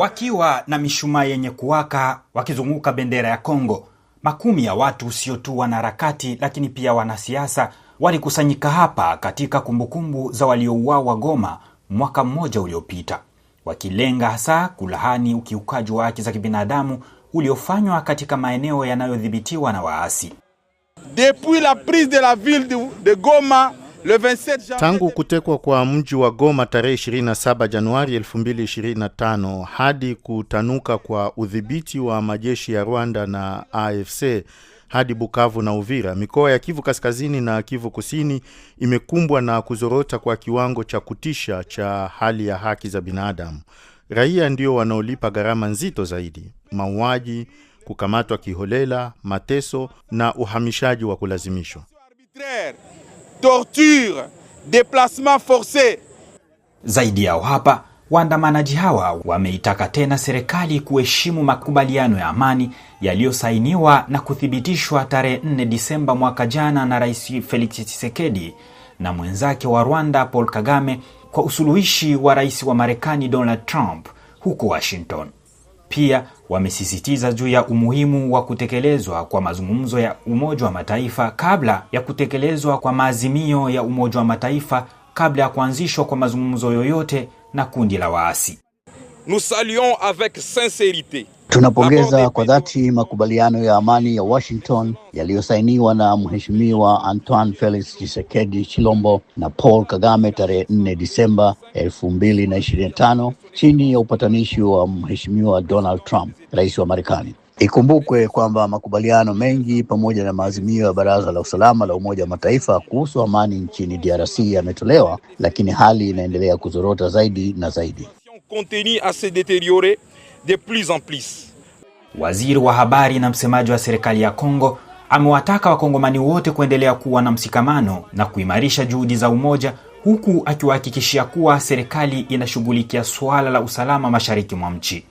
wakiwa na mishumaa yenye kuwaka wakizunguka bendera ya Kongo. Makumi ya watu sio tu wanaharakati, lakini pia wanasiasa walikusanyika hapa katika kumbukumbu za waliouawa Goma mwaka mmoja uliopita, wakilenga hasa kulahani ukiukaji wa haki za kibinadamu uliofanywa katika maeneo yanayodhibitiwa na waasi. Depuis la prise de la ville de Goma Tangu kutekwa kwa mji wa Goma tarehe 27 Januari 2025 hadi kutanuka kwa udhibiti wa majeshi ya Rwanda na AFC hadi Bukavu na Uvira, mikoa ya Kivu Kaskazini na Kivu Kusini imekumbwa na kuzorota kwa kiwango cha kutisha cha hali ya haki za binadamu. Raia ndio wanaolipa gharama nzito zaidi: mauaji, kukamatwa kiholela, mateso na uhamishaji wa kulazimishwa torture, déplacement forcé. Zaidi yao hapa waandamanaji hawa wameitaka tena serikali kuheshimu makubaliano ya amani yaliyosainiwa na kuthibitishwa tarehe 4 Disemba mwaka jana na Rais Felix Tshisekedi na mwenzake wa Rwanda Paul Kagame kwa usuluhishi wa Rais wa Marekani Donald Trump huko Washington. Pia wamesisitiza juu ya umuhimu wa kutekelezwa kwa mazungumzo ya Umoja wa Mataifa kabla ya kutekelezwa kwa maazimio ya Umoja wa Mataifa kabla ya kuanzishwa kwa mazungumzo yoyote na kundi la waasi. Nous saluons avec sincérité Tunapongeza kwa dhati makubaliano ya amani ya Washington yaliyosainiwa na Mheshimiwa Antoine Felix Tshisekedi Chilombo na Paul Kagame tarehe 4 Disemba 2025 chini ya upatanishi wa Mheshimiwa Donald Trump, rais wa Marekani. Ikumbukwe kwamba makubaliano mengi pamoja na maazimio ya Baraza la Usalama la Umoja wa Mataifa kuhusu amani nchini DRC yametolewa, lakini hali inaendelea kuzorota zaidi na zaidi de plus en plus. Waziri wa habari na msemaji wa serikali ya Kongo amewataka wakongomani wote kuendelea kuwa na mshikamano na kuimarisha juhudi za umoja huku akiwahakikishia kuwa serikali inashughulikia suala la usalama mashariki mwa nchi.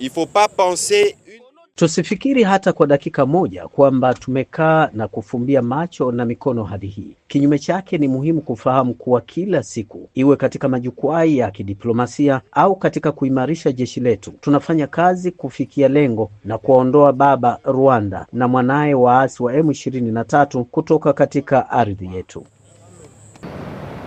Il faut pas penser une... Tusifikiri hata kwa dakika moja kwamba tumekaa na kufumbia macho na mikono hadi hii. Kinyume chake, ni muhimu kufahamu kuwa kila siku, iwe katika majukwaa ya kidiplomasia au katika kuimarisha jeshi letu, tunafanya kazi kufikia lengo na kuwaondoa baba Rwanda na mwanaye waasi wa M23 kutoka katika ardhi yetu.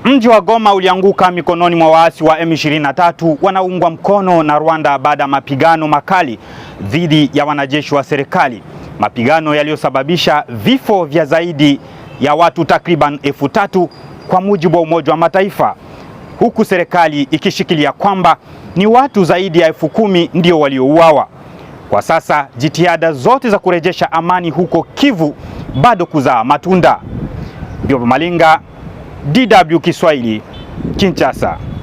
Mji wa Goma ulianguka mikononi mwa waasi wa M23 wanaungwa mkono na Rwanda baada ya mapigano makali dhidi ya wanajeshi wa serikali, mapigano yaliyosababisha vifo vya zaidi ya watu takriban elfu tatu kwa mujibu wa Umoja wa Mataifa, huku serikali ikishikilia kwamba ni watu zaidi ya elfu kumi ndio waliouawa. Kwa sasa jitihada zote za kurejesha amani huko Kivu bado kuzaa matunda. Biobo Malinga DW Kiswahili Kinshasa.